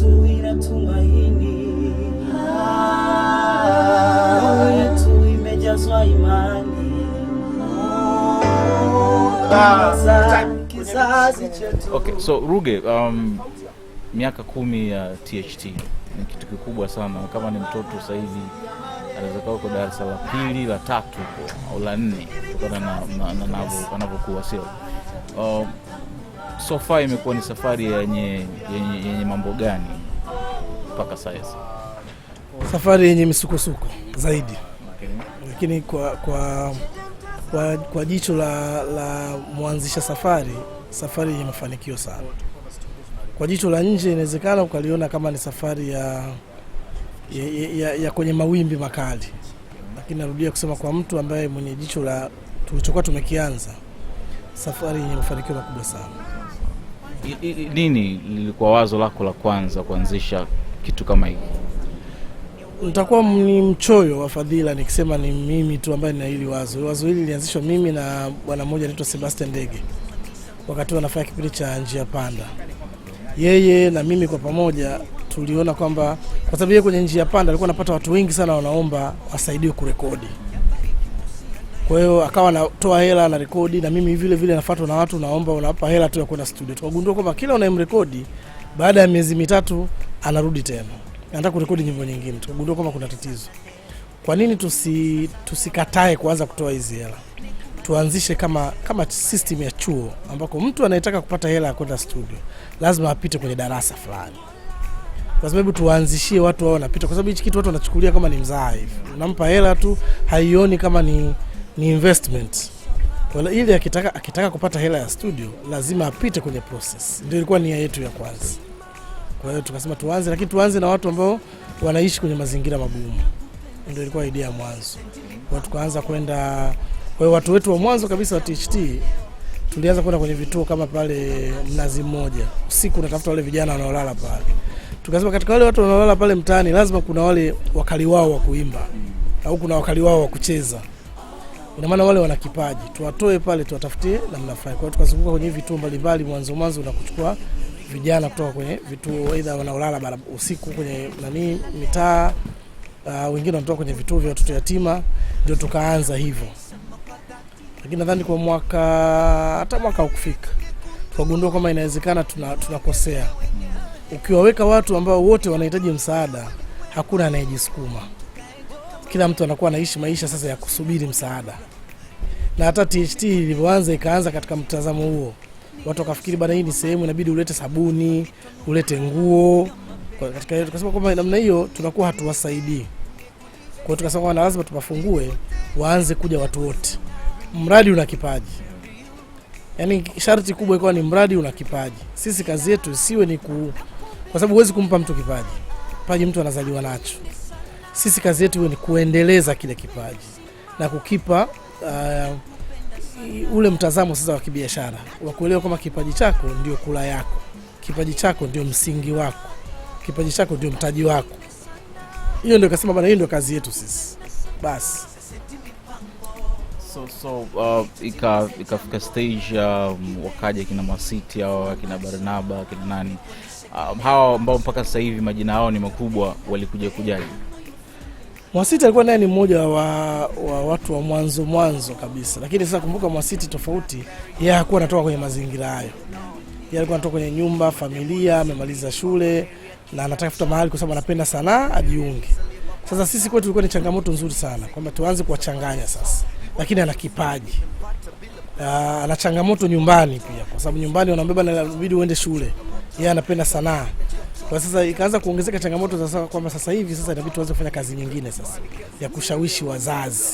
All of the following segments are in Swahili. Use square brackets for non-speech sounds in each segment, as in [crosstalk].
roho yetu imejazwa imani ah, kizazi chetu. Okay, so Ruge, um, miaka kumi ya THT ni kitu kikubwa sana. Kama ni mtoto sasa hivi anaweza kuwa uko darasa la pili la tatu au la nne kutokana na anavyokuwa, sio? Um, sofa imekuwa ni safari yenye yenye mambo gani mpaka sasa? Safari yenye misukosuko zaidi, okay. Lakini kwa, kwa, kwa, kwa jicho la, la mwanzisha safari, safari yenye mafanikio sana. Kwa jicho la nje inawezekana ukaliona kama ni safari ya, ya, ya, ya kwenye mawimbi makali, lakini narudia kusema kwa mtu ambaye mwenye jicho la tulichokuwa tumekianza, safari yenye mafanikio makubwa sana. Nini lilikuwa wazo lako la kwanza kuanzisha kitu kama hiki? Nitakuwa ni mchoyo wa fadhila nikisema ni mimi tu ambaye nina hili wazo. Wazo hili lilianzishwa mimi na bwana mmoja anaitwa Sebastian Ndege, wakati wanafanya kipindi cha njia panda. Yeye na mimi kwa pamoja tuliona kwamba kwa sababu yeye kwenye njia panda alikuwa anapata watu wengi sana wanaomba wasaidiwe kurekodi kwa hiyo akawa anatoa hela na rekodi, na mimi vile vile nafuatwa na watu, naomba unawapa hela tu ya kwenda studio. Tukagundua kwamba kila unayemrekodi baada ya miezi mitatu anarudi tena, anataka kurekodi nyimbo nyingine. Tukagundua kwamba kuna tatizo. Kwa nini tusi tusikatae kuanza kutoa hizi hela? Tuanzishe kama kama system ya chuo ambako mtu anayetaka kupata hela ya kwenda studio lazima apite kwenye darasa fulani kwa sababu tuwaanzishie watu wao wanapita, kwa sababu hichi kitu watu wanachukulia kama ni mzaa hivi, unampa hela tu, haioni kama ni ni investment. Kwa ile akitaka, akitaka kupata hela ya studio lazima apite kwenye process. Ndio ilikuwa nia yetu ya kwanza. Kwa hiyo tukasema tuanze, lakini tuanze na watu ambao wanaishi kwenye mazingira magumu. Ndio ilikuwa idea ya mwanzo. Kwa tukaanza kwenda, kwa hiyo watu wetu wa mwanzo kabisa wa THT tulianza kwenda kwenye vituo kama pale Mnazi Mmoja usiku, unatafuta wale vijana wanaolala pale. Tukasema katika wale watu wanaolala pale mtaani lazima kuna wale wakali wao wa kuimba au kuna wakali wao wa kucheza. Ina maana wale wana kipaji tuwatoe pale, tuwatafutie namna fulani. Kwa hiyo tukazunguka kwenye vituo mbalimbali mwanzo mwanzo na kuchukua vijana kutoka kwenye vituo, aidha wanaolala usiku kwenye nani mitaa, uh, wengine wanatoka kwenye vituo vya watoto yatima, ndio tukaanza hivyo. Lakini nadhani kwa mwaka hata mwaka ukufika, tukagundua kwamba inawezekana tunakosea, tuna ukiwaweka watu ambao wote wanahitaji msaada, hakuna anayejisukuma kila mtu anakuwa anaishi maisha sasa ya kusubiri msaada, na hata THT ilivyoanza ikaanza katika mtazamo huo, watu wakafikiri bana, hii ni sehemu inabidi ulete sabuni, ulete nguo. Katika tukasema kwamba namna hiyo tunakuwa hatuwasaidii, kwa hiyo tukasema kwamba lazima tupafungue, waanze kuja watu wote, mradi una kipaji. Yani sharti kubwa ikawa ni mradi una kipaji. Sisi kazi yetu siwe ni ku, kwa sababu huwezi kumpa mtu kipaji, kipaji mtu anazaliwa nacho sisi kazi yetu ni kuendeleza kile kipaji na kukipa uh, ule mtazamo sasa wa kibiashara wa kuelewa kwamba kipaji chako ndio kula yako, kipaji chako ndio msingi wako, kipaji chako ndio mtaji wako. Hiyo ndio kasema bana, hiyo ndio kazi yetu sisi basi. So, so uh, ikafika stage um, wakaja kina masiti au akina Barnaba akina nani um, hawa ambao mpaka sasa hivi majina yao ni makubwa, walikuja kujaje? Mwasiti alikuwa naye ni mmoja wa, wa watu wa mwanzo mwanzo kabisa, lakini sasa kumbuka, Mwasiti tofauti, yeye hakuwa anatoka kwenye mazingira hayo. Yeye alikuwa anatoka kwenye nyumba, familia, amemaliza shule na anatafuta mahali kwa sababu anapenda sanaa ajiunge. Sasa sisi kwetu ilikuwa ni changamoto nzuri sana kwamba tuanze kuwachanganya sasa, lakini ana kipaji ah, ana changamoto nyumbani pia, kwa sababu nyumbani wanambeba na inabidi uende shule. Yeye anapenda sanaa, kwa sasa ikaanza kuongezeka changamoto sasa, kwamba sasa hivi sasa inabidi tuanze kufanya kazi nyingine sasa ya kushawishi wazazi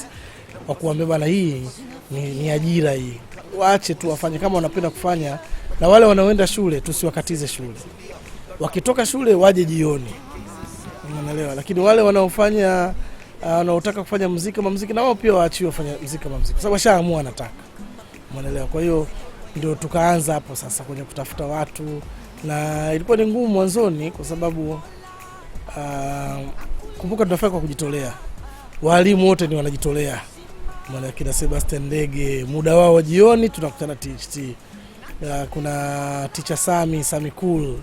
kwa kuambia bana, hii ni, ni ajira hii, waache tu wafanye kama wanapenda kufanya, na wale wanaoenda shule tusiwakatize shule, wakitoka shule waje jioni, unaelewa. Lakini wale wanaofanya ah, wanaotaka kufanya muziki kama muziki, na wao pia waachiwe wafanya muziki kama muziki, sababu washaamua anataka, unaelewa. Kwa hiyo ndio tukaanza hapo sasa kwenye kutafuta watu na ilikuwa ni ngumu mwanzoni kwa sababu uh, kumbuka tunafanya kwa kujitolea, walimu wote ni wanajitolea, maana kina Sebastian Ndege muda wao wa jioni tunakutana THT. Uh, kuna teacher Sami Sami Cool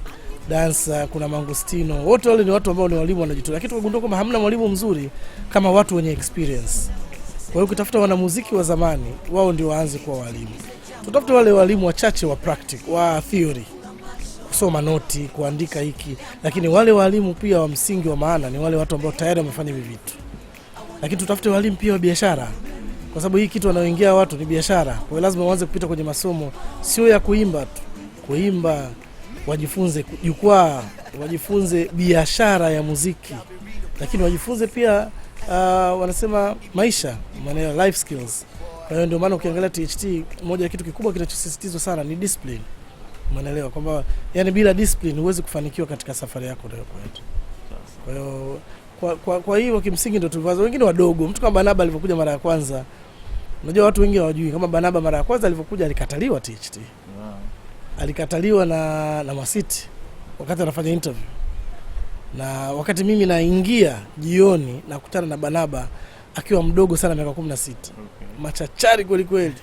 dansa, kuna Mangustino, wote wale ni watu ambao ni walimu wanajitolea, lakini tukagundua kwamba hamna mwalimu mzuri kama watu wenye experience. Kwa hiyo ukitafuta wanamuziki wa zamani, wao ndio waanze kuwa walimu, tutafute wale walimu wachache wa practice, wa theory kusoma noti, kuandika hiki, lakini wale walimu pia wa msingi wa maana ni wale watu ambao tayari wamefanya hivi vitu, lakini tutafute walimu pia wa biashara, kwa sababu hii kitu wanaoingia watu ni biashara. Kwa hiyo lazima waanze kupita kwenye masomo, sio ya kuimba tu. Kuimba wajifunze jukwaa, wajifunze biashara ya muziki, lakini wajifunze pia uh, wanasema maisha, maana life skills. Kwa hiyo ndio maana ukiangalia THT, moja ya kitu kikubwa kinachosisitizwa sana ni discipline. Umeelewa kwamba yani bila discipline huwezi kufanikiwa katika safari yako unayokwenda. Kwa hiyo kwa, kwa, kwa hiyo kimsingi ndio tulivyoanza. Wengine wadogo, mtu kama Banaba alivyokuja mara ya kwanza, unajua watu wengi hawajui kama Banaba mara ya kwanza alivyokuja alikataliwa THT. Wow. Alikataliwa na na Masiti wakati anafanya interview. Na wakati mimi naingia jioni nakutana na Banaba akiwa mdogo sana miaka 16. Okay. Machachari kweli kweli.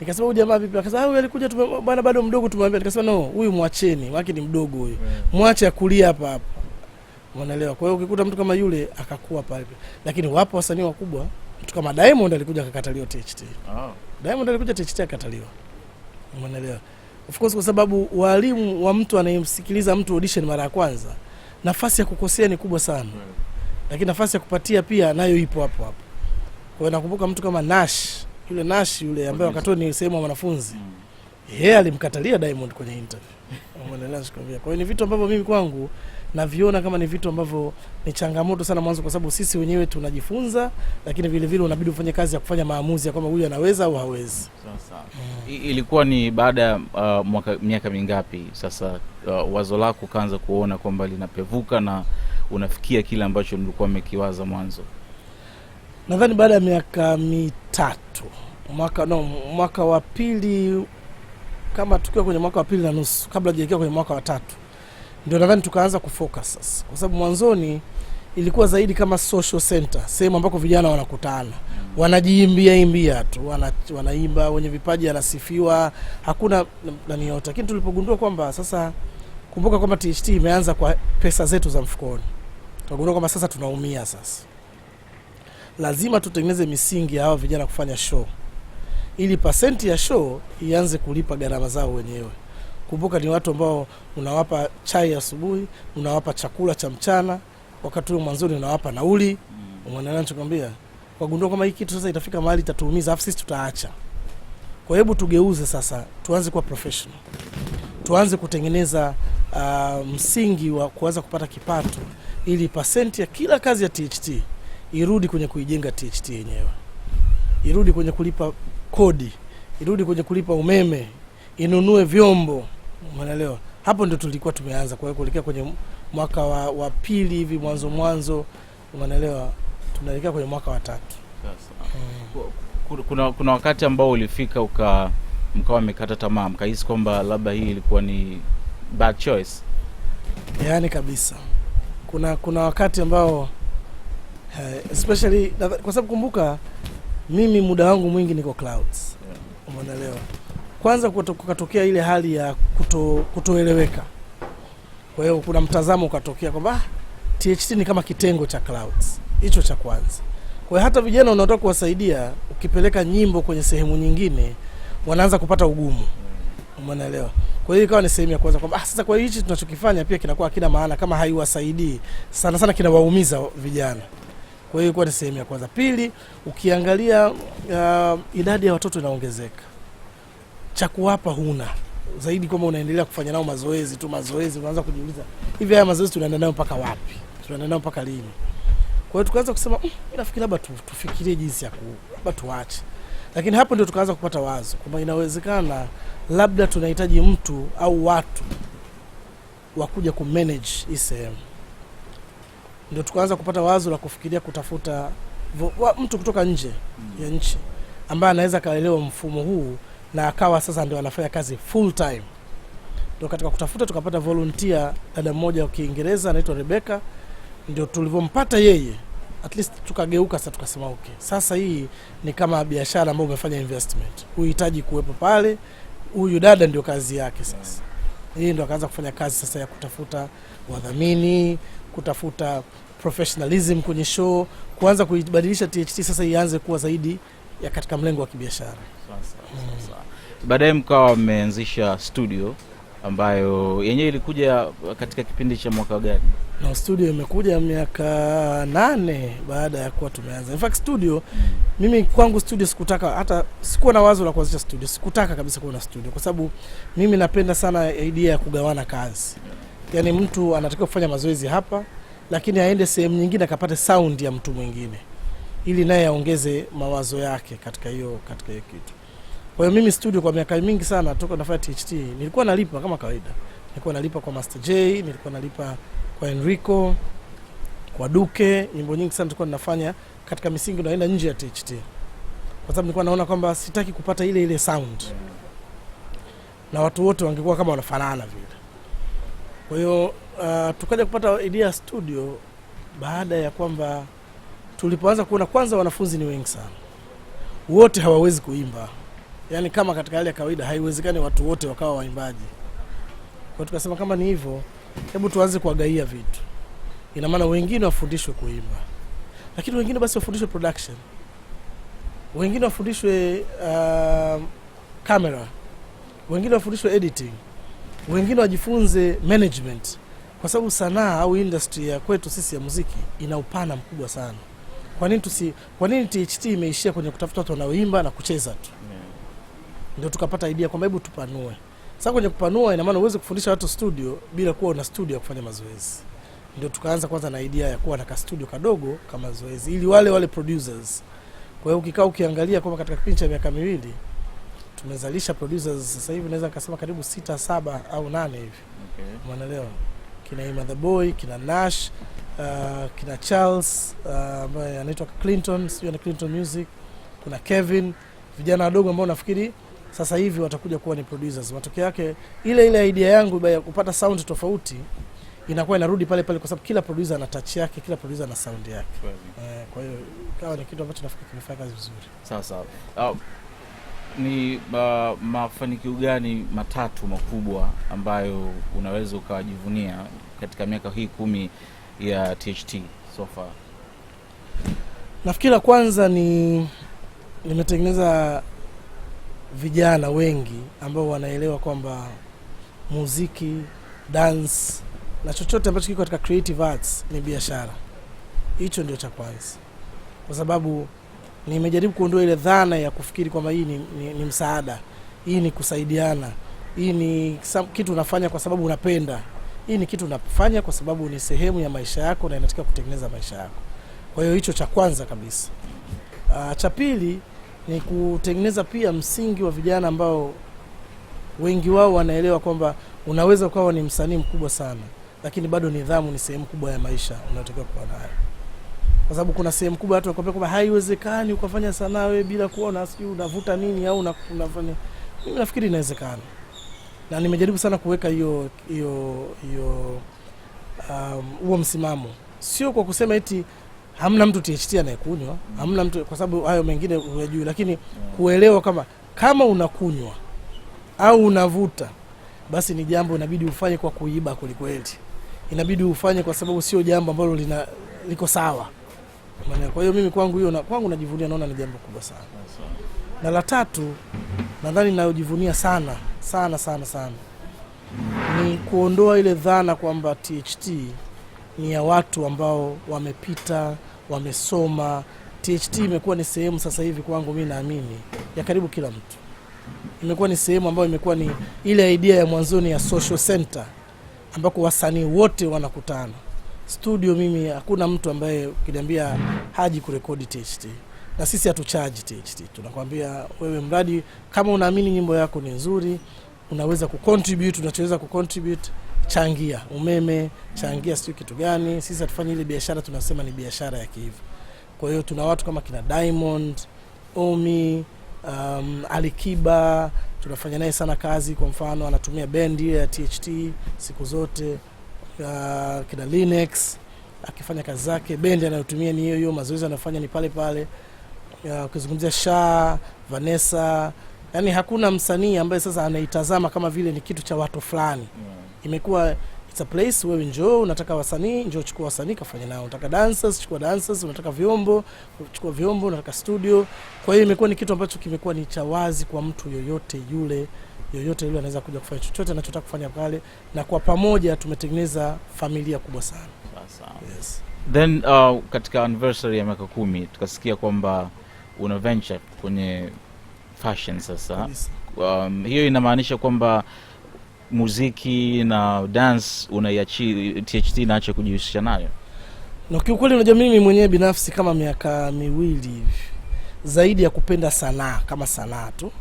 Nikasema huyu jamaa vipi? Akasema ah, huyu alikuja tu bwana, bado mdogo tumwambia. Nikasema no, huyu mwacheni, wake ni mdogo huyu, mm. mwache akulia hapa hapa, unaelewa. Kwa hiyo ukikuta mtu kama yule akakuwa pale, lakini wapo wasanii wakubwa, mtu kama Diamond alikuja akakataliwa THT. Ah, Diamond alikuja THT akakataliwa, unaelewa. Of course, kwa sababu walimu wa mtu anayemsikiliza mtu audition mara ya kwanza, nafasi ya kukosea ni kubwa sana, mm. lakini nafasi ya kupatia pia nayo ipo hapo hapo. Kwa hiyo nakumbuka mtu kama Nash yule Nash yule ambaye wakati ni sehemu ya wanafunzi hmm. yeye yeah, alimkatalia Diamond kwenye interview. [laughs] Kwa hiyo ni vitu ambavyo mimi kwangu naviona kama ni vitu ambavyo ni changamoto sana mwanzo, kwa sababu sisi wenyewe tunajifunza, lakini vile vile unabidi ufanye kazi ya kufanya maamuzi ya kwamba huyu anaweza au hawezi. Sasa mm. ilikuwa ni baada ya uh, miaka mingapi sasa uh, wazo lako ukaanza kuona kwamba linapevuka na unafikia kile ambacho nilikuwa mmekiwaza mwanzo? nadhani baada ya miaka mitatu mwaka no, mwaka wa pili kama tukiwa kwenye mwaka wa pili na nusu kabla tujaingia kwenye mwaka wa tatu ndio nadhani tukaanza kufocus sasa, kwa sababu mwanzoni ilikuwa zaidi kama social center, sehemu ambako vijana wanakutana wanajiimbia imbia tu wana, wanaimba, wenye vipaji anasifiwa, hakuna nani yote. Lakini tulipogundua kwamba sasa, kumbuka kwamba THT imeanza kwa pesa zetu za mfukoni, tukagundua kwamba sasa tunaumia sasa lazima tutengeneze misingi ya hawa vijana kufanya show ili pasenti ya show ianze kulipa gharama zao wenyewe. Kumbuka ni watu ambao unawapa chai asubuhi, unawapa chakula cha mchana, wakati huo mwanzoni unawapa nauli. Mm. Umeona nachokwambia? Wagundua kama hii kitu sasa itafika mahali itatuumiza, afu sisi tutaacha. Kwa hebu tugeuze sasa, tuanze kuwa professional, tuanze kutengeneza uh, msingi wa kuweza kupata kipato ili pasenti ya kila kazi ya THT irudi kwenye kuijenga THT yenyewe, irudi kwenye kulipa kodi, irudi kwenye kulipa umeme, inunue vyombo, umeelewa? Hapo ndio tulikuwa tumeanza. Kwa hiyo kuelekea kwenye mwaka wa, wa pili hivi mwanzo mwanzo, umeelewa, tunaelekea kwenye mwaka wa tatu. Hmm. Kuna, kuna wakati ambao ulifika uka mkawa amekata tamaa mkahisi kwamba labda hii ilikuwa ni bad choice, yaani kabisa. Kuna kuna wakati ambao Eh, especially kwa sababu kumbuka, mimi muda wangu mwingi niko clouds, yeah. umeelewa? Kwanza kukatokea ile hali ya kuto, kutoeleweka. Kwa hiyo kuna mtazamo ukatokea kwamba THT ah, ni kama kitengo cha clouds, hicho cha kwanza. Kwa hiyo hata vijana unaotaka kuwasaidia, ukipeleka nyimbo kwenye sehemu nyingine, wanaanza kupata ugumu, umeelewa? Kwa hiyo ikawa ni sehemu ya kwanza kwamba ah, sasa kwa hiyo hichi tunachokifanya pia kinakuwa kina maana kama haiwasaidii sana sana, kinawaumiza vijana. Kwa hiyo ilikuwa ni sehemu ya kwanza. Pili, ukiangalia uh, idadi ya watoto inaongezeka, cha kuwapa huna zaidi, kwamba unaendelea kufanya nao mazoezi tu mazoezi. Unaanza kujiuliza hivi, haya mazoezi tunaenda nayo mpaka wapi? Tunaenda nayo mpaka lini? Kwa hiyo tukaanza kusema mmm, nafikiri labda tu, tufikirie jinsi ya ku labda tuache, lakini hapo ndio tukaanza kupata wazo kwamba inawezekana labda tunahitaji mtu au watu wakuja kumanage hii sehemu ndio tukaanza kupata wazo la kufikiria kutafuta wa, mtu kutoka nje mm. ya nchi ambaye anaweza akaelewa mfumo huu na akawa sasa ndio anafanya kazi full time. Ndio katika kutafuta tukapata volunteer dada mmoja wa Kiingereza anaitwa Rebecca, ndio tulivyompata yeye at least tukageuka sasa, tukasema okay, sasa hii ni kama biashara ambayo umefanya investment, huhitaji kuwepo pale. Huyu dada ndio kazi yake sasa. Yeye ndio akaanza kufanya kazi sasa ya kutafuta wadhamini, kutafuta professionalism kwenye show, kuanza kuibadilisha THT sasa ianze kuwa zaidi ya katika mlengo wa kibiashara. Mm. Baadaye mkawa mmeanzisha studio ambayo yenyewe ilikuja katika kipindi cha mwaka gani? No, studio imekuja miaka nane baada ya kuwa tumeanza. In fact studio mm. mimi kwangu studio sikutaka hata, sikuwa na wazo la kuanzisha studio, sikutaka kabisa kuwa na studio kwa sababu mimi napenda sana idea ya kugawana kazi yeah yani mtu anatakiwa kufanya mazoezi hapa, lakini aende sehemu nyingine akapate sound ya mtu mwingine, ili naye aongeze mawazo yake katika hiyo katika hiyo kitu. Kwa hiyo mimi studio kwa miaka mingi sana toka nafanya THT nilikuwa nalipa kama kawaida, nilikuwa nalipa kwa Master J, nilikuwa nalipa kwa Enrico, kwa Duke. Nyimbo nyingi sana tulikuwa ninafanya katika misingi naenda nje ya THT, kwa sababu nilikuwa naona kwamba sitaki kupata ile ile sound, na watu wote wangekuwa kama wanafanana vile kwa hiyo uh, tukaja kupata idea studio baada ya kwamba tulipoanza kuona kwanza wanafunzi ni wengi sana, wote hawawezi kuimba, yaani kama katika hali ya kawaida haiwezekani watu wote wakawa waimbaji. Kwa hiyo tukasema kama ni hivyo, hebu tuanze kuwagaia vitu, ina maana wengine wafundishwe kuimba, lakini wengine basi wafundishwe production, wengine wafundishwe uh, camera, wengine wafundishwe editing wengine wajifunze management, kwa sababu sanaa au industry ya kwetu sisi ya muziki ina upana mkubwa sana. Kwa nini tusi, kwa nini THT imeishia kwenye kutafuta watu wanaoimba na kucheza tu? Yeah. Ndio tukapata idea kwamba hebu tupanue. Sasa kwenye kupanua, ina maana uweze kufundisha watu studio bila kuwa una studio ya kufanya mazoezi. Ndio tukaanza kwanza na idea ya kuwa na ka studio kadogo kama zoezi, ili wale wale producers. Kwa hiyo ukikaa ukiangalia kwamba katika kipindi cha miaka miwili tumezalisha producers sasa hivi naweza nikasema karibu sita saba au nane hivi okay. Umeelewa, kina Ima the Boy, kina Nash uh, kina Charles uh, ambaye uh, anaitwa Clinton, sio na Clinton Music, kuna Kevin, vijana wadogo ambao nafikiri sasa hivi watakuja kuwa ni producers. Matokeo yake ile ile idea yangu ya kupata sound tofauti inakuwa inarudi pale pale, kwa sababu kila producer ana touch yake, kila producer ana sound yake. Eh, kwa hiyo kawa ni kitu ambacho nafikiri kimefanya kazi vizuri. Sawa sawa. Oh ni ba, mafanikio gani matatu makubwa ambayo unaweza ukawajivunia katika miaka hii kumi ya THT so far? Nafikiri la kwanza ni nimetengeneza vijana wengi ambao wanaelewa kwamba muziki, dance na chochote ambacho kiko katika creative arts ni biashara. Hicho ndio cha kwanza, kwa sababu nimejaribu kuondoa ile dhana ya kufikiri kwamba hii ni, ni, ni msaada, hii ni kusaidiana, hii ni kitu unafanya kwa sababu unapenda, hii ni kitu unafanya kwa sababu ni sehemu ya maisha yako na inatakiwa kutengeneza maisha yako. Kwa hiyo hicho cha kwanza kabisa. Uh, cha pili ni kutengeneza pia msingi wa vijana ambao wengi wao wanaelewa kwamba unaweza ukawa ni msanii mkubwa sana, lakini bado nidhamu ni sehemu kubwa ya maisha unayotakiwa kuwa nayo kwa sababu kuna sehemu kubwa watu wakwambia kwamba haiwezekani ukafanya sanaa wewe bila kuona, sijui unavuta nini au unafanya. Mimi nafikiri inawezekana, na nimejaribu sana kuweka hiyo hiyo hiyo um, huo um, msimamo, sio kwa kusema eti hamna mtu THT anayekunywa, hamna mtu, kwa sababu hayo mengine unajui, lakini kuelewa kama kama unakunywa au unavuta, basi ni jambo inabidi ufanye kwa kuiba kwelikweli, inabidi ufanye kwa sababu sio jambo ambalo lina liko sawa. Kwa hiyo mimi kwangu hiyo na, kwangu najivunia, naona ni jambo kubwa sana. Na la tatu nadhani ninayojivunia sana sana sana sana ni kuondoa ile dhana kwamba THT ni ya watu ambao wamepita wamesoma. THT imekuwa ni sehemu sasa hivi kwangu mimi naamini ya karibu kila mtu, imekuwa ni sehemu ambayo imekuwa ni ile idea ya mwanzoni ya social center ambako wasanii wote wanakutana studio mimi hakuna mtu ambaye ukiniambia haji kurekodi THT, na sisi hatuchaji THT. Tunakwambia wewe, mradi kama unaamini nyimbo yako ni nzuri, unaweza kucontribute, unachoweza kucontribute, changia umeme, changia sio kitu gani. Sisi hatufanyi ile biashara, tunasema ni biashara ya kivu. Kwa hiyo tuna watu kama kina Diamond, Omi, um, Alikiba tunafanya naye sana kazi. Kwa mfano anatumia bendi ya THT siku zote kina Linux akifanya kazi zake, bendi anayotumia ni hiyo hiyo, mazoezi anayofanya ni pale pale. Ukizungumzia uh, Sha Vanessa, yani hakuna msanii ambaye sasa anaitazama kama vile ni kitu cha watu fulani yeah. Mm. Imekuwa it's a place, wewe njoo, unataka wasanii, njoo chukua wasanii kafanya nao, unataka dancers, chukua dancers, unataka vyombo, chukua vyombo, unataka studio. Kwa hiyo imekuwa ni kitu ambacho kimekuwa ni cha wazi kwa mtu yoyote yule yoyote yule anaweza kuja kufanya chochote anachotaka kufanya pale, na kwa pamoja tumetengeneza familia kubwa sana. Yes. Then uh, katika anniversary ya miaka kumi tukasikia kwamba una venture kwenye fashion sasa. Um, hiyo inamaanisha kwamba muziki na dance unaiachia THT inaacha kujihusisha nayo? Na kiukweli, unajua mimi mwenyewe binafsi kama miaka miwili hivi zaidi ya kupenda sanaa kama sanaa tu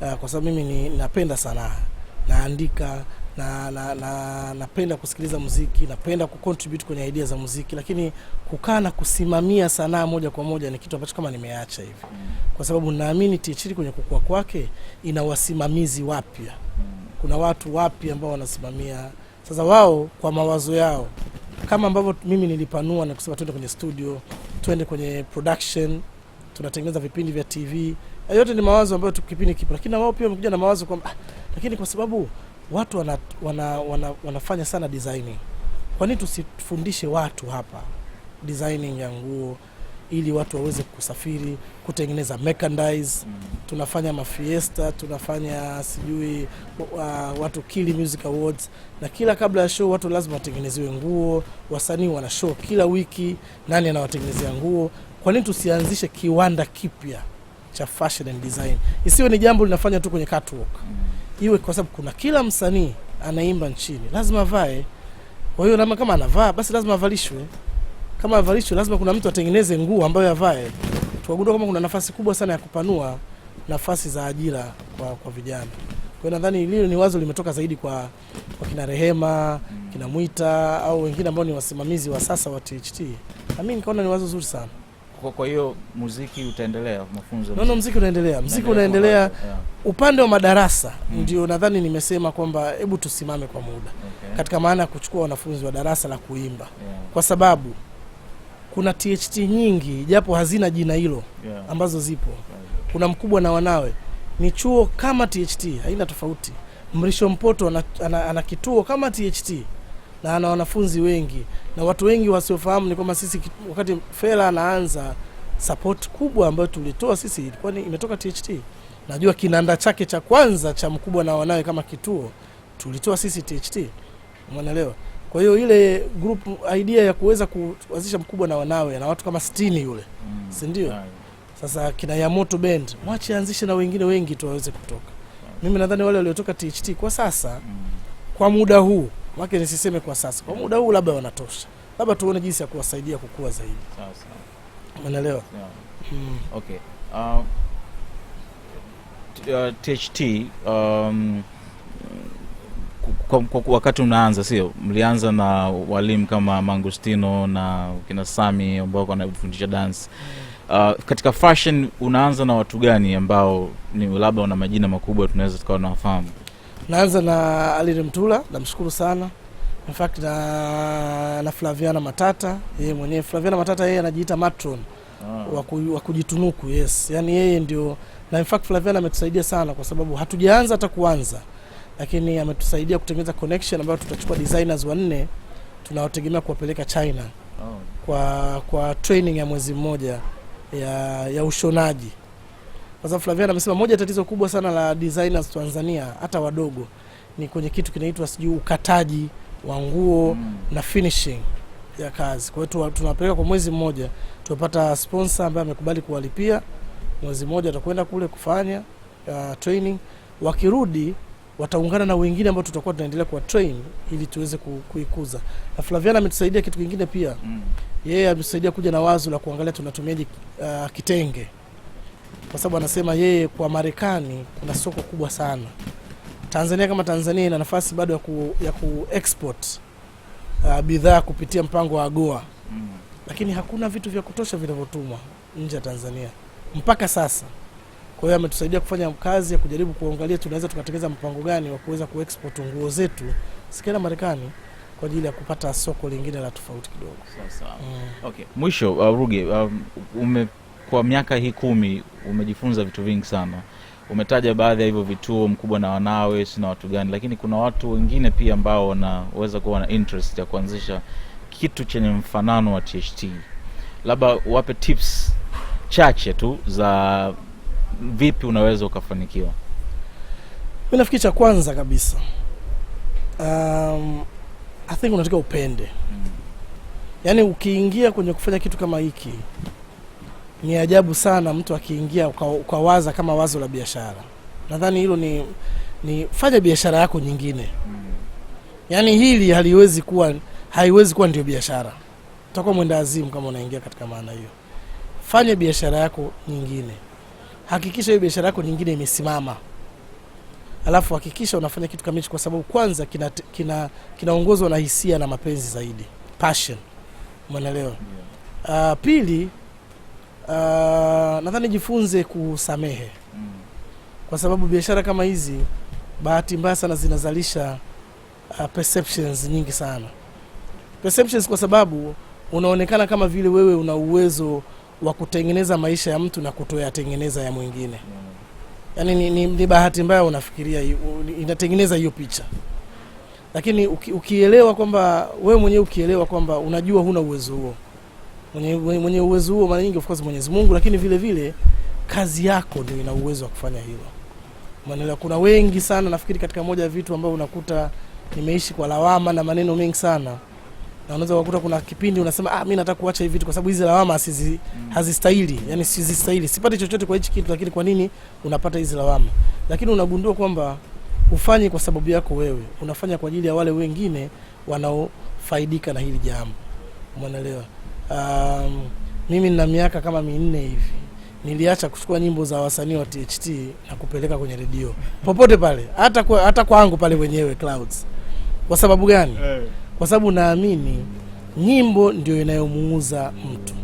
uh, kwa sababu mimi ni napenda sanaa, naandika na, na, na napenda kusikiliza muziki, napenda kucontribute kwenye idea za muziki, lakini kukaa na kusimamia sanaa moja kwa moja ni kitu ambacho kama nimeacha hivi, kwa sababu naamini THL kwenye kukua kwake ina wasimamizi wapya, kuna watu wapya ambao wanasimamia sasa wao kwa mawazo yao, kama ambavyo mimi nilipanua na kusema twende kwenye studio, twende kwenye production, tunatengeneza vipindi vya TV yote ni mawazo ambayo kipindi kipo, lakini na wao pia wamekuja na mawazo kwamba, ah, lakini kwa sababu watu wana, wana, wana, wanafanya sana designing, kwa nini tusifundishe watu hapa designing ya nguo ili watu waweze kusafiri kutengeneza merchandise. Mm. Tunafanya mafiesta, tunafanya sijui uh, watu Kili Music Awards, na kila kabla ya show watu lazima watengeneziwe nguo. Wasanii wana show kila wiki, nani anawatengenezea nguo? Kwa nini tusianzishe kiwanda kipya? cha fashion and design, isiwe ni jambo linafanya tu kwenye catwalk, mm. iwe kwa sababu kuna kila msanii anaimba nchini lazima avae. Kwa hiyo lama kama anavaa basi lazima avalishwe, kama avalishwe lazima kuna mtu atengeneze nguo ambayo avae. Tukagundua kama kuna nafasi kubwa sana ya kupanua nafasi za ajira kwa, kwa vijana. Kwa hiyo nadhani lilo ni wazo limetoka zaidi kwa, kwa kina Rehema, mm. kina Mwita au wengine ambao ni wasimamizi wa sasa wa THT, na mimi nikaona ni wazo zuri sana. Kwa hiyo muziki utaendelea, mafunzo no, muziki unaendelea, muziki unaendelea, yeah. Upande wa madarasa mm. Ndio nadhani nimesema kwamba hebu tusimame kwa muda okay. Katika maana ya kuchukua wanafunzi wa darasa la kuimba yeah. Kwa sababu kuna THT nyingi japo hazina jina hilo yeah. Ambazo zipo Kuna Mkubwa na Wanawe ni chuo kama THT, haina tofauti. Mrisho Mpoto ana, ana, ana, ana kituo kama THT na ana wanafunzi wengi, na watu wengi wasiofahamu ni kwamba sisi wakati Fela anaanza support kubwa ambayo tulitoa sisi ilikuwa ni imetoka THT. Najua kinanda chake cha kwanza cha mkubwa na wanawe kama kituo tulitoa sisi THT, umeelewa? Kwa hiyo ile group idea ya kuweza kuanzisha mkubwa na wanawe na watu kama 60 yule, mm, si ndio? Sasa kina ya moto Band mwache anzishe na wengine wengi tu waweze kutoka. Mimi nadhani wale waliotoka THT kwa sasa, mm, kwa muda huu wake nisiseme kwa sasa, kwa muda huu labda wanatosha, labda tuone jinsi ya kuwasaidia kukua zaidi. Sawa sawa, Mm. Okay. Um, uh, THT um, kwa, kwa, wakati unaanza sio, mlianza na walimu kama Mangustino na kina Sami ambao wanafundisha dance uh, katika fashion unaanza na watu gani ambao ni labda wana majina makubwa tunaweza tukawa nawafahamu? Naanza na Alire Mtula, namshukuru sana in fact na, na Flaviana Matata yeye mwenyewe. Flaviana Matata yeye anajiita matron ah, wa kujitunuku yes, yani yeye ndio na in fact Flaviana ametusaidia sana kwa sababu hatujaanza hata kuanza, lakini ametusaidia kutengeneza connection ambayo tutachukua designers wanne tunawategemea kuwapeleka China oh, kwa, kwa training ya mwezi mmoja ya, ya ushonaji. Sasa Flaviana amesema moja tatizo kubwa sana la designers Tanzania hata wadogo ni kwenye kitu kinaitwa sijui ukataji wa nguo mm. na finishing ya kazi. Kwa hiyo tunapeleka kwa mwezi mmoja, tumepata sponsor ambaye amekubali kuwalipia mwezi mmoja, atakwenda kule kufanya uh, training. Wakirudi wataungana na wengine ambao tutakuwa tunaendelea kuwa train ili tuweze kuikuza. Na Flaviana ametusaidia kitu kingine pia mm. yeye yeah, ametusaidia kuja na wazo la kuangalia tunatumiaje uh, kitenge kwa sababu anasema yeye kwa Marekani kuna soko kubwa sana. Tanzania kama Tanzania ina nafasi bado ya ku, ya ku export uh, bidhaa kupitia mpango wa AGOA Lakini hakuna vitu vya kutosha vinavyotumwa nje ya Tanzania mpaka sasa. Kwa hiyo ametusaidia kufanya kazi ya kujaribu kuangalia tunaweza tukatengeneza mpango gani wa kuweza kuexport nguo zetu sikienda Marekani kwa ajili ya kupata soko lingine la tofauti kidogo. Sawa sawa. Mm. Okay. Mwisho uh, Ruge um, ume kwa miaka hii kumi umejifunza vitu vingi sana. Umetaja baadhi ya hivyo vituo, Mkubwa na Wanawe, sina watu gani, lakini kuna watu wengine pia ambao wanaweza kuwa na interest ya kuanzisha kitu chenye mfanano wa THT. Labda wape tips chache tu za vipi unaweza ukafanikiwa. Mi nafikiri cha kwanza kabisa, um, I think unatakiwa upende, mm. yaani ukiingia kwenye kufanya kitu kama hiki ni ajabu sana mtu akiingia ukawaza kama wazo la biashara. Nadhani hilo ni, ni fanya biashara yako nyingine. Hmm. Yaani hili haliwezi kuwa haiwezi kuwa ndio biashara, utakuwa mwenda azimu kama unaingia katika maana hiyo. Fanya biashara yako nyingine, hakikisha hiyo biashara yako nyingine imesimama, alafu hakikisha unafanya kitu kama hicho, kwa sababu kwanza kinaongozwa kina, kina na hisia na mapenzi zaidi, passion, umeelewa? Uh, pili Uh, nadhani jifunze kusamehe Kwa sababu biashara kama hizi bahati mbaya sana zinazalisha uh, perceptions nyingi sana. Perceptions kwa sababu unaonekana kama vile wewe una uwezo wa kutengeneza maisha ya mtu na kutoyatengeneza ya mwingine Yaani ni, ni, ni bahati mbaya unafikiria inatengeneza hiyo picha, lakini uki, ukielewa kwamba wewe mwenyewe ukielewa kwamba unajua huna uwezo huo mwenye, mwenye uwezo huo mara nyingi of course Mwenyezi Mungu, lakini vile vile kazi yako ndio ina uwezo wa kufanya hilo. Maana kuna wengi sana, nafikiri katika moja ya vitu ambavyo unakuta nimeishi kwa lawama na maneno mengi sana, na unaweza kukuta kuna kipindi unasema ah, mimi nataka kuacha hivi vitu kwa sababu hizi lawama sizi mm. hazistahili, yani sizistahili, sipati chochote kwa hichi kitu, lakini kwa nini unapata hizi lawama? Lakini unagundua kwamba ufanye kwa sababu yako wewe, unafanya kwa ajili ya wale wengine wanaofaidika na hili jambo, umeelewa? um, mimi nina miaka kama minne hivi niliacha kuchukua nyimbo za wasanii wa THT na kupeleka kwenye redio popote pale, hata kwa, hata kwangu pale wenyewe Clouds. Kwa sababu gani? Eh. Kwa sababu naamini nyimbo ndio inayomuuza mtu.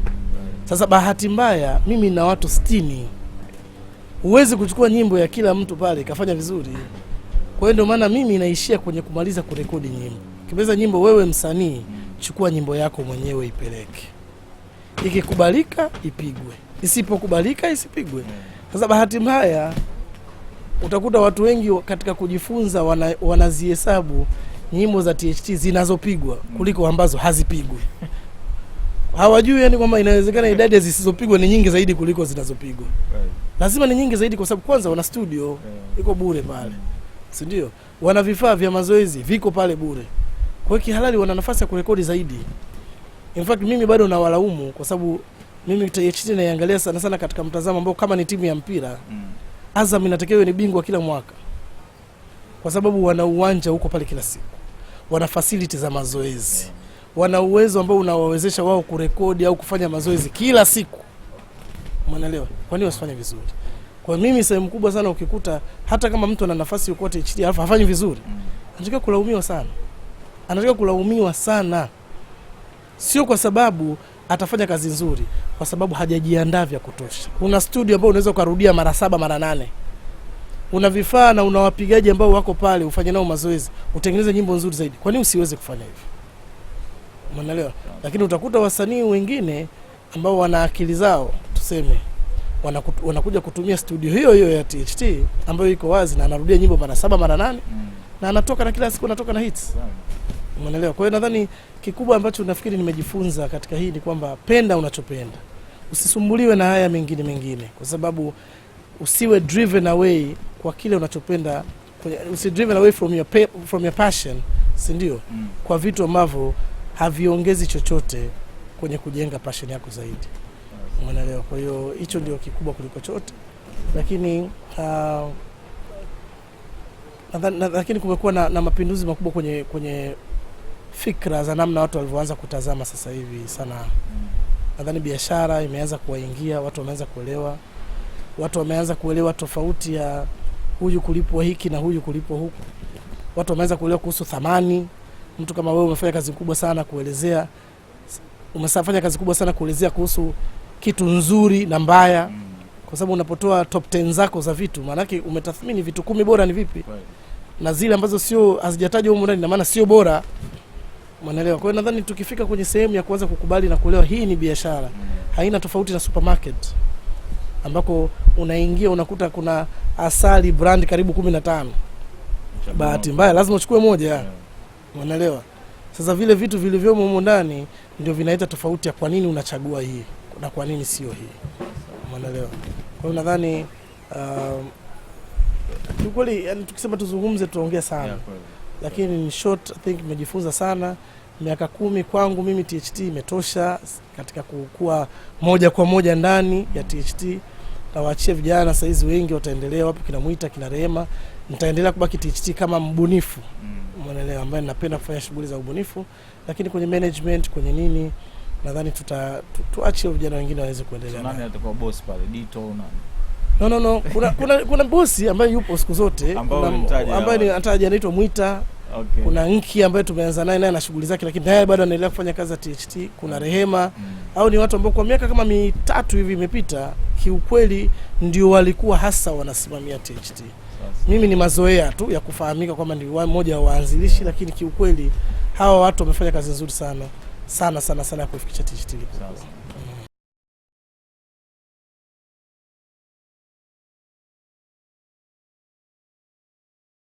Sasa bahati mbaya mimi na watu sitini, huwezi kuchukua nyimbo ya kila mtu pale ikafanya vizuri. Kwa hiyo ndio maana mimi naishia kwenye kumaliza kurekodi nyimbo, kimeza nyimbo, wewe msanii chukua nyimbo yako mwenyewe ipeleke, ikikubalika ipigwe, isipokubalika isipigwe. Sasa bahati mbaya utakuta watu wengi katika kujifunza wana, wanazihesabu nyimbo za THT zinazopigwa kuliko ambazo hazipigwi. Hawajui yani kwamba inawezekana idadi zisizopigwa ni nyingi zaidi kuliko zinazopigwa. Lazima ni nyingi zaidi, kwa sababu kwanza wana studio iko bure pale, si ndio? Wana vifaa vya mazoezi viko pale bure. Kwa hiyo kihalali wana nafasi ya kurekodi zaidi. In fact mimi bado nawalaumu kwa sababu mimi THT naiangalia sana sana katika mtazamo ambao kama ni timu ya mpira mm. Azam inatakiwa ni bingwa kila mwaka, kwa sababu wana uwanja huko pale kila siku, wana facility za mazoezi yeah. Wana uwezo ambao unawawezesha wao kurekodi au kufanya mazoezi kila siku, umeelewa? Kwa nini wasifanye vizuri? Kwa mimi sehemu kubwa sana ukikuta hata kama mtu ana nafasi yuko THT alafu hafanyi vizuri, mm. anatakiwa kulaumiwa sana anatakiwa kulaumiwa sana, sio kwa sababu atafanya kazi nzuri, kwa sababu hajajiandaa vya kutosha. Una studio ambayo unaweza ukarudia mara saba mara nane, una vifaa na una wapigaji ambao wako pale, ufanye nao mazoezi, utengeneze nyimbo nzuri zaidi. Kwa nini usiweze kufanya hivyo? Umeelewa? Lakini utakuta wasanii wengine ambao wana akili zao, tuseme wanakuja wana kutumia studio hiyo hiyo ya THT ambayo iko wazi na anarudia nyimbo mara saba mara nane mm. na anatoka na kila siku anatoka na hits. yeah. Umeelewa? Kwa hiyo nadhani kikubwa ambacho nafikiri nimejifunza katika hii ni kwamba penda unachopenda, usisumbuliwe na haya mengine mengine, kwa sababu usiwe driven away kwa kile unachopenda, usi driven away from your, pay, from your passion, si ndio? Mm. Kwa vitu ambavyo haviongezi chochote kwenye kujenga passion yako zaidi, umeelewa? Kwa hiyo hicho ndio kikubwa kuliko chote, lakini uh, lakini kumekuwa na, na mapinduzi makubwa kwenye kwenye fikra za namna watu walivyoanza kutazama sasa hivi sana. Nadhani biashara imeanza kuwaingia watu, wameanza kuelewa watu, wameanza kuelewa tofauti ya huyu kulipwa hiki na huyu kulipwa huku. Watu wameanza kuelewa kuhusu thamani. Mtu kama wewe umefanya kazi kubwa sana kuelezea, umesafanya kazi kubwa sana kuelezea kuhusu kitu nzuri na mbaya, kwa sababu unapotoa top 10 zako za vitu, maanake umetathmini vitu kumi bora ni vipi, na zile ambazo sio hazijatajwa huko ndani, na maana sio bora mwanaelewa Kwa hiyo nadhani tukifika kwenye sehemu ya kuanza kukubali na kuelewa hii ni biashara, haina tofauti na supermarket ambako unaingia unakuta kuna asali brand karibu kumi Bahati mbaya lazima uchukue moja, Mwanaelewa. Sasa vile vitu vilivyomo humo ndani ndio vinaleta tofauti ya kwa nini unachagua hii na kwa nini sio hii, Mwanaelewa. Kwa hiyo nadhani uh, kiukweli, yani tukisema tuzungumze, tutaongea sana lakini ni short I think nimejifunza sana. Miaka kumi kwangu mimi THT imetosha katika kukua moja kwa moja ndani ya THT. Nawaachie vijana saizi, wengi wataendelea, wapo kina Mwita kina Rehema. Nitaendelea kubaki THT kama mbunifu mwanelewa, mm. ambaye napenda kufanya shughuli za ubunifu, lakini kwenye management, kwenye nini, nadhani tuta tu, tuachie vijana wengine waweze kuendelea. Nani atakuwa boss pale? Dito nani? No, no, no. Kuna, kuna, kuna bosi ambaye yupo siku zote ambaye ni anataja anaitwa Mwita okay. Kuna Nki ambaye tumeanza naye naye na shughuli zake, lakini naye bado anaendelea kufanya kazi za THT. Kuna mm. Rehema mm. au ni watu ambao kwa miaka kama mitatu hivi imepita, kiukweli ndio walikuwa hasa wanasimamia THT Sasa. Mimi ni mazoea tu ya kufahamika kwamba ni mmoja wa waanzilishi, mm. lakini kiukweli hawa watu wamefanya kazi nzuri sana sana sana sana ya kuifikisha THT Sasa.